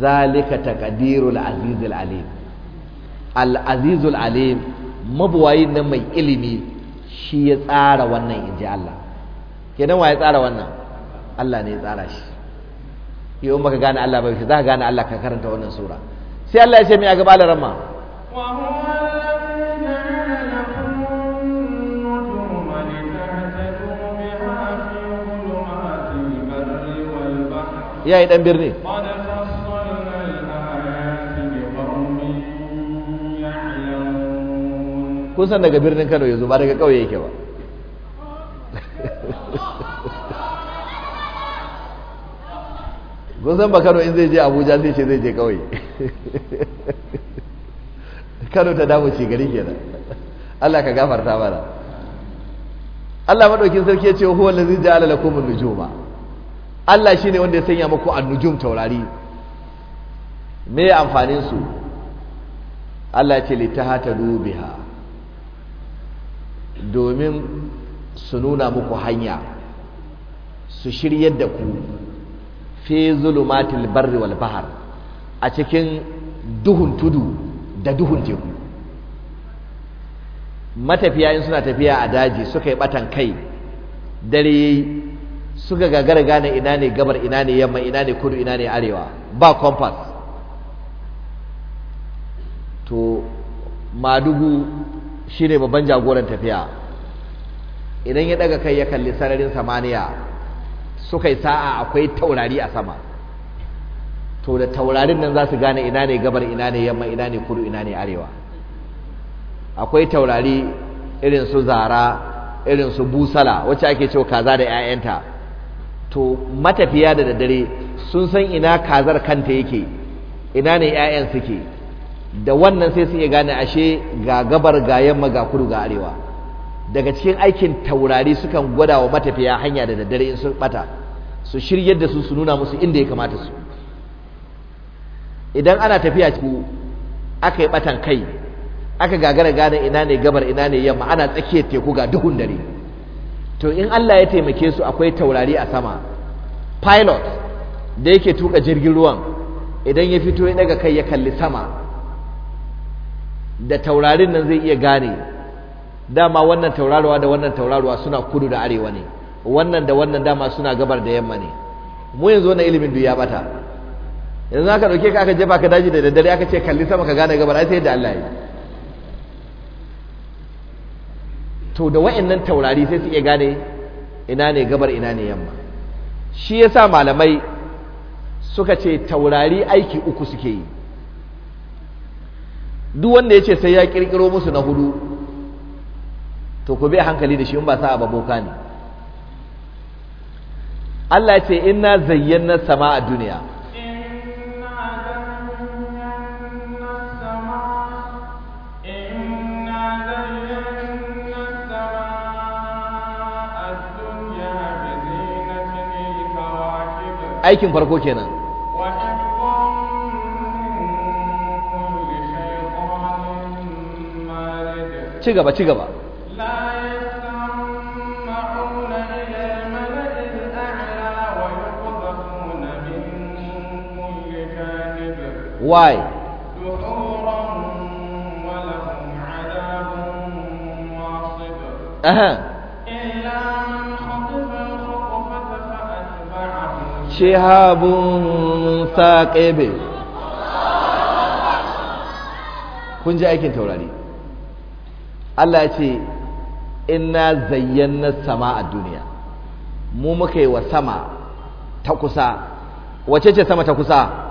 zalika taqdirul azizul alim al azizul alim mabuwayin nan mai ilimi shi ya tsara wannan inji Allah kenan wa ya tsara wannan Allah ne ya tsara shi yau maka gane Allah ba shi za ka gane Allah ka karanta wannan sura sai Allah ya ce mai a gaba rama ya yi ɗan birni kun san daga birnin kano yanzu ba daga ƙauye yake ba kun san ba kano in zai je abuja zai ce zai je kawai kano ta damu ce gari nan Allah ka gafarta mana Allah madaukin sarki ya ce huwa allazi ja'ala lakum an-nujuma Allah shine wanda ya sanya muku an-nujum taurari me amfanin su Allah ce litahatadu biha domin su nuna muku hanya su shiryar da ku fi zulumatil barri wal bahar a cikin duhun tudu da duhun teku matafiya in suna tafiya a daji suka yi batan kai dare suka gagara gane ina ne gabar ina ne yamma ina ne kudu ina ne arewa ba compass to madugu shine babban jagoran tafiya idan ya daga kai ya kalli sararin samaniya suka yi sa'a akwai taurari a sama to da taurarin nan za su gane ina ne gabar ina ne yamma ina ne kudu ina ne arewa akwai taurari irin su zara irin su busala wacce ake cewa kaza da 'ya'yanta to matafiya da daddare sun san ina kazar kanta yake ina ne 'ya'yan suke da wannan sai su iya gane ashe ga gabar ga yamma ga kudu ga arewa daga cikin aikin taurari sukan gwada wa matafiya hanya da daddare in sun bata su shiryar da su su nuna musu inda ya kamata su idan ana tafiya ku aka yi batan kai aka gagara gane ina ne gabar ina ne yamma ana tsakiyar teku ga duhun dare to in Allah ya taimake su akwai taurari a sama pilot da yake tuka jirgin ruwan idan ya fito daga kai ya kalli sama da taurarin nan zai iya gane dama wannan tauraruwa da wannan tauraruwa suna kudu da arewa ne wannan da wannan dama suna gabar da yamma ne mu yanzu wannan ilimin duk ya bata yanzu aka dauke ka aka jefa ka daji da daddare aka ce kalli sama ka gane gabar ai sai da Allah ya to da wayannan taurari sai su iya gane ina ne gabar ina ne yamma shi yasa malamai suka ce taurari aiki uku suke yi duk wanda ya ce sai ya kirkiro musu na hudu to ku bi hankali da shi in ba sa abu boka ne Allah ce inna zayyana a duniya aikin farko kenan ci gaba ci gaba why aha uh-huh. Shehabun ثاقب kun ji aikin taurari Allah ya ce inna zayyana sama a duniya mu muka yi wa sama ta kusa wace ce sama ta kusa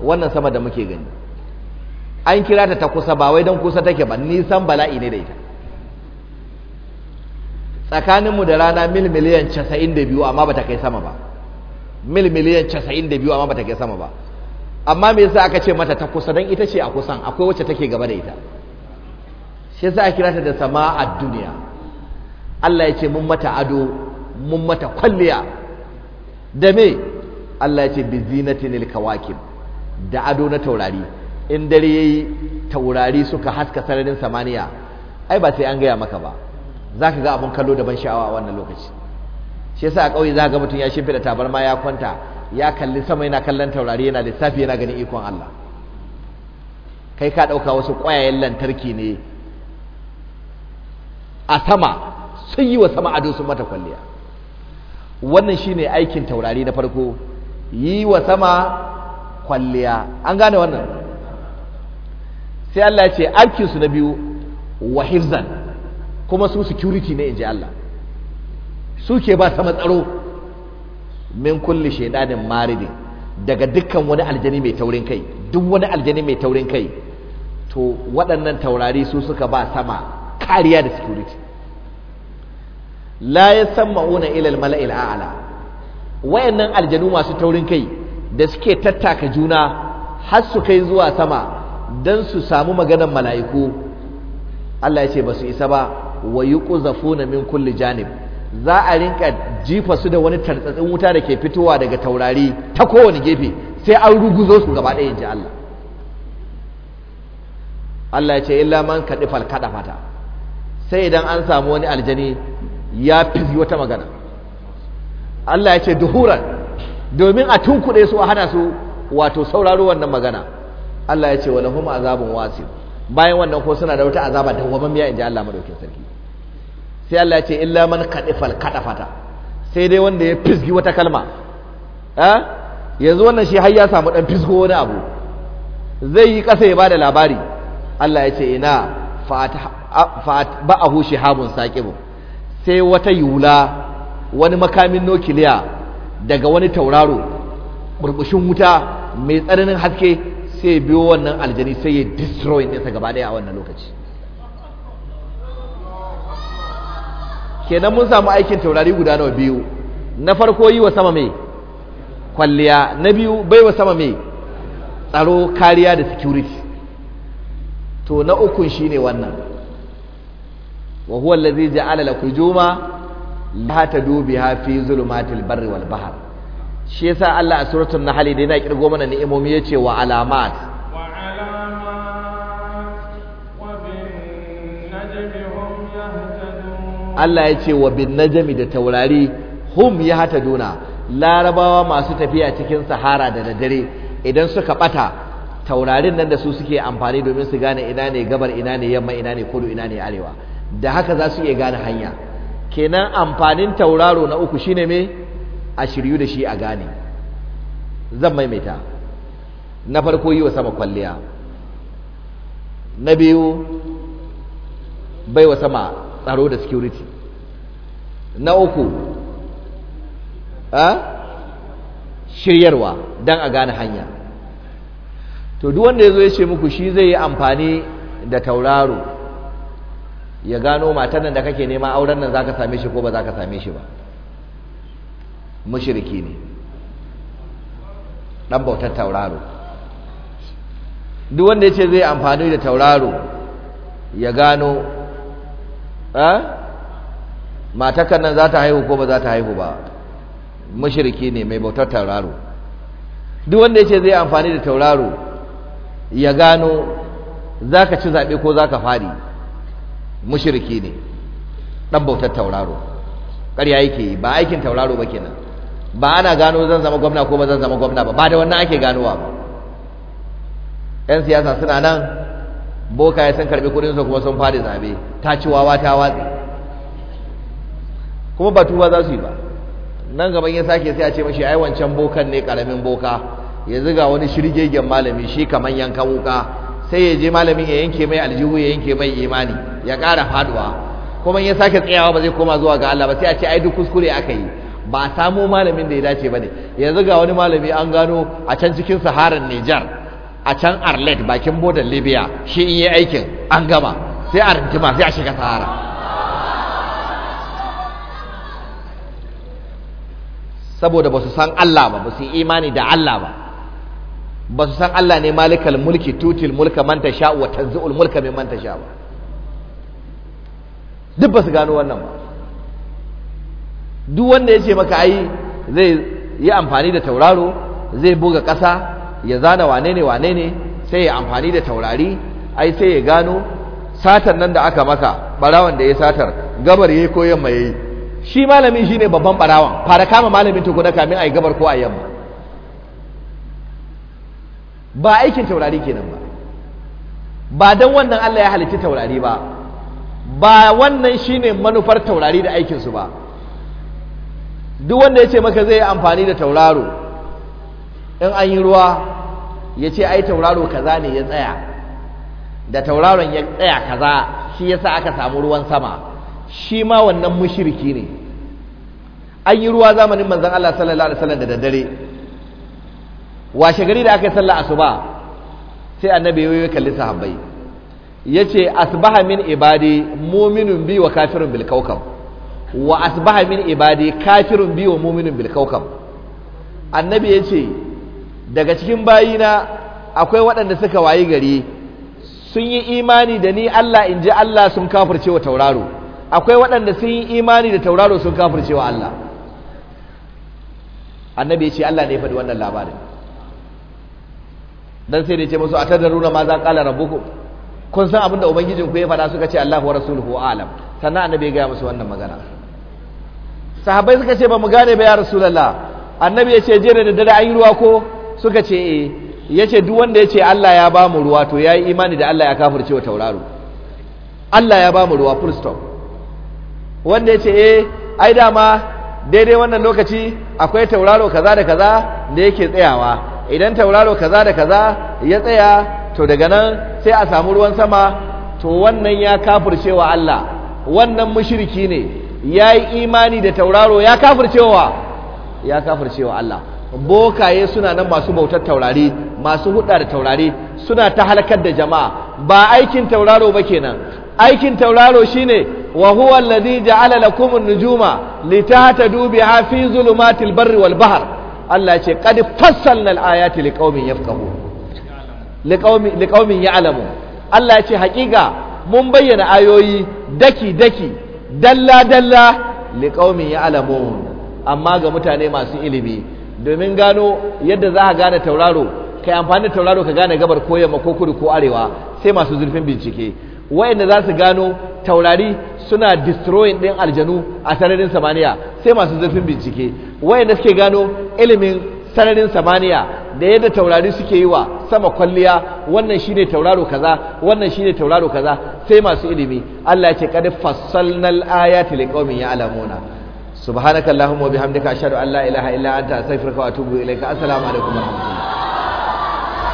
wannan sama da muke gani an kira ta ta kusa ba wai don kusa take ba nisan bala'i ne da ita tsakaninmu da rana mil miliyan casa'in da biyu amma ba ta kai sama ba mil miliyan casa'in da biyu amma ba ta kai sama ba amma me yasa aka ce mata ta kusa don ita ce a kusan akwai wacce take gaba da ita shi yasa a kira ta da sama a duniya Allah ya ce mun mata ado mun mata kwalliya da me Allah ya ce bizinatin alkawakib da ado na taurari in dare yayi taurari suka haska sararin samaniya ai ba sai an gaya maka ba zaka ga abun kallo da ban sha'awa a wannan lokaci shi yasa a ƙauye za ga mutum ya shimfida tabarma ya kwanta ya kalli sama yana kallon taurari yana lissafi yana ganin ikon Allah kai ka ɗauka wasu ƙwayayen lantarki ne a sama sun yi wa sama ado sun mata kwalliya wannan shine aikin taurari na farko yi wa sama kwalliya an gane wannan sai Allah ya ce aikinsu na biyu wa hifzan kuma su security ne inji ji Allah su ke ba sama tsaro min kulli shaidanin maridin daga dukkan wani aljani mai taurin kai duk wani aljani mai taurin kai to waɗannan taurari su suka ba sama kariya da security la yasamma'una ila al-mala'il a'la wayannan aljanu masu taurin kai da suke tattaka juna har su kai zuwa sama don su samu maganar mala'iku Allah ya ce ba su isa ba wa yi na min kulli janib za a rinka jifa su da wani tartsatsin wuta da ke fitowa daga taurari ta kowane gefe sai an ruguzo su gaba ɗaya ji Allah Allah ya ce illa man kaɗi falkaɗa fata sai idan an samu wani aljani ya fi wata magana Allah ya ce duhuran domin a tunkuɗe su a hana su wato sauraro wannan magana Allah ya ce wa lahum azabun wasil bayan wannan ko suna da wata azaba dawwamammiya inji Allah madaukakin sarki sai Allah ya ce illa man kadifal kadafata sai dai wanda ya fisgi wata kalma eh yanzu wannan shi har ya samu dan fisgo wani abu zai yi kasa ya bada labari Allah ya ce ina fa'at ba'ahu shihabun saqibu sai wata yula wani makamin nukiliya daga wani tauraro burbushin wuta mai tsananin haske sai biyo wannan aljani sai ya destroy ta gaba ɗaya a wannan lokaci kenan mun samu aikin taurari guda nawa biyu na farko yi wa sama mai kwalliya na biyu bai wa sama mai tsaro kariya da security to na ukun shine wannan wa huwa allazi ja'ala juma la dubi ha fi zulumatil barri wal bahr shi yasa Allah a suratul nahl da yana kirgo mana ni'imomi yace wa alamat Allah ya ce wa bin najami da taurari hum ya hata duna larabawa masu tafiya cikin sahara da daddare idan suka bata taurarin nan da su suke amfani domin su gane ina ne gabar ina ne yamma ina ne kudu ina ne arewa da haka za su iya gane hanya kenan amfanin tauraro na uku shine me a shiryu da shi a gane zan maimaita na farko yi wa sama kwalliya na biyu bai wa sama tsaro da security na uku a shiryarwa don a gane hanya to duk wanda ya zo ya ce muku shi zai yi amfani da tauraro ya gano matar nan da kake nema auren nan zaka same shi ko ba zaka same shi ba mushriki ne dan bautar tauraro duk wanda yace zai amfani da tauraro ya gano eh matakan nan za ta haihu ko ba za ta haihu ba mushriki ne mai bautar tauraro duk wanda yace zai amfani da tauraro ya gano zaka ci zabe ko zaka fadi mushriki ne dan bautar tauraro ƙarya yake ba aikin tauraro ba kenan ba ana gano zan zama gwamna ko ba zan zama gwamna ba ba da wannan ake ganowa ba yan siyasa suna nan boka ya sun karbi kudin su kuma sun fadi zabe ta ci wawa ta watsi kuma ba tuba za su yi ba nan gaban ya sake sai a ce mashi ai wancan bokan ne karamin boka ya ziga wani shirgegen malami shi kaman yankan wuka sai ya je malamin ya yanke mai aljihu ya yanke mai imani ya ƙara faduwa kuma ya sake tsayawa ba zai koma zuwa ga Allah ba sai a ce ai duk kuskure aka yi ba a samo malamin da ya dace ba ne yanzu ga wani malami an gano a can cikin saharar Nijar a can Arlet bakin bodar Libya shi in yi aikin an gama sai a rintima sai a shiga sahara saboda ba su san Allah ba ba su yi imani da Allah ba ba su san Allah ne malikal mulki tutil mulka man sha wa tanzi'ul mulka ta sha ba duk ba su gano wannan ba duk wanda ya ce maka ai zai yi amfani da tauraro zai buga ƙasa ya zana wane ne wane ne sai ya amfani da taurari ai sai ya gano satar nan da aka maka barawan da ya satar gabar yayi ko yamma yi. shi malami shine babban barawan fara kama malamin tukuna kamin ai gabar ko a yamma ba aikin taurari kenan ba ba don wannan Allah ya halitta taurari ba ba wannan shine manufar taurari da aikinsu ba duk wanda ya ce maka zai yi amfani da tauraro in an yi ruwa ya ce ai tauraro kaza ne ya tsaya da tauraron ya tsaya kaza shi yasa aka samu ruwan sama shi ma wannan mushiriki ne an yi ruwa zamanin manzon Allah sallallahu alaihi wasallam da daddare washe gari da aka yi sallah asuba sai annabi ya yi kalli sahabbai ce asbaha min ibadi mu'minun bi wa kafirun bil wa asbaha min ibadi kafirun bi wa mu'minun bil Annabi annabi ce daga cikin bayina akwai waɗanda suka wayi gari sun yi imani da ni Allah in ji Allah sun kafirce wa tauraro akwai waɗanda sun yi imani da tauraro sun kafirce wa Allah annabi ya ce Allah ne ya faɗi wannan labarin dan sai da ce musu atadaruna ma za qala rabbukum kun san abinda ubangijin ku ya faɗa suka ce Allahu wa rasuluhu alam sannan annabi ya gaya musu wannan magana sahabbai suka ce ba mu gane ba ya rasulullah annabi ya ce je da dare an yi ruwa ko suka ce eh ya ce duk wanda ya ce Allah ya ba mu ruwa to ya yi imani da Allah ya kafirce wa tauraro Allah ya ba mu ruwa full stop wanda ya ce eh ai dama daidai wannan lokaci akwai tauraro kaza da kaza da yake tsayawa idan tauraro kaza da kaza ya tsaya to daga nan sai a samu ruwan sama to wannan ya kafircewa Allah wannan mushriki ne yayi imani da tauraro ya kafircewa ya kafircewa Allah bokaye suna nan masu bautar taurari masu huɗa da taurari suna ta halakar da jama'a ba aikin tauraro ba kenan aikin tauraro shine wa huwa alladhi ja'ala lakum an-nujuma litahtadu biha fi zulumatil barri wal bahr Allah ya ce qad fassalna al-ayati liqaumin yafqahu liqaumin liqaumin ya'lamu Allah ya ce hakika mun bayyana ayoyi daki daki dalla dalla liqaumin ya'lamu amma ga mutane masu ilimi domin gano yadda za ka gane tauraro kai amfani da tauraro ka gane gabar ko yamma ko kudu ko arewa sai masu zurfin bincike wayanda za su gano taurari suna destroying din aljanu a sararin samaniya sai masu zurfin bincike wayanda suke gano ilimin sararin samaniya da yadda taurari suke yi wa sama kwalliya wannan shine tauraro kaza wannan shine tauraro kaza sai masu ilimi Allah ya ce kad fasalnal ayati liqaumin ya'lamuna subhanakallahumma wa bihamdika ashhadu an la ilaha illa anta astaghfiruka wa atubu ilaika assalamu alaikum wa rahmatullahi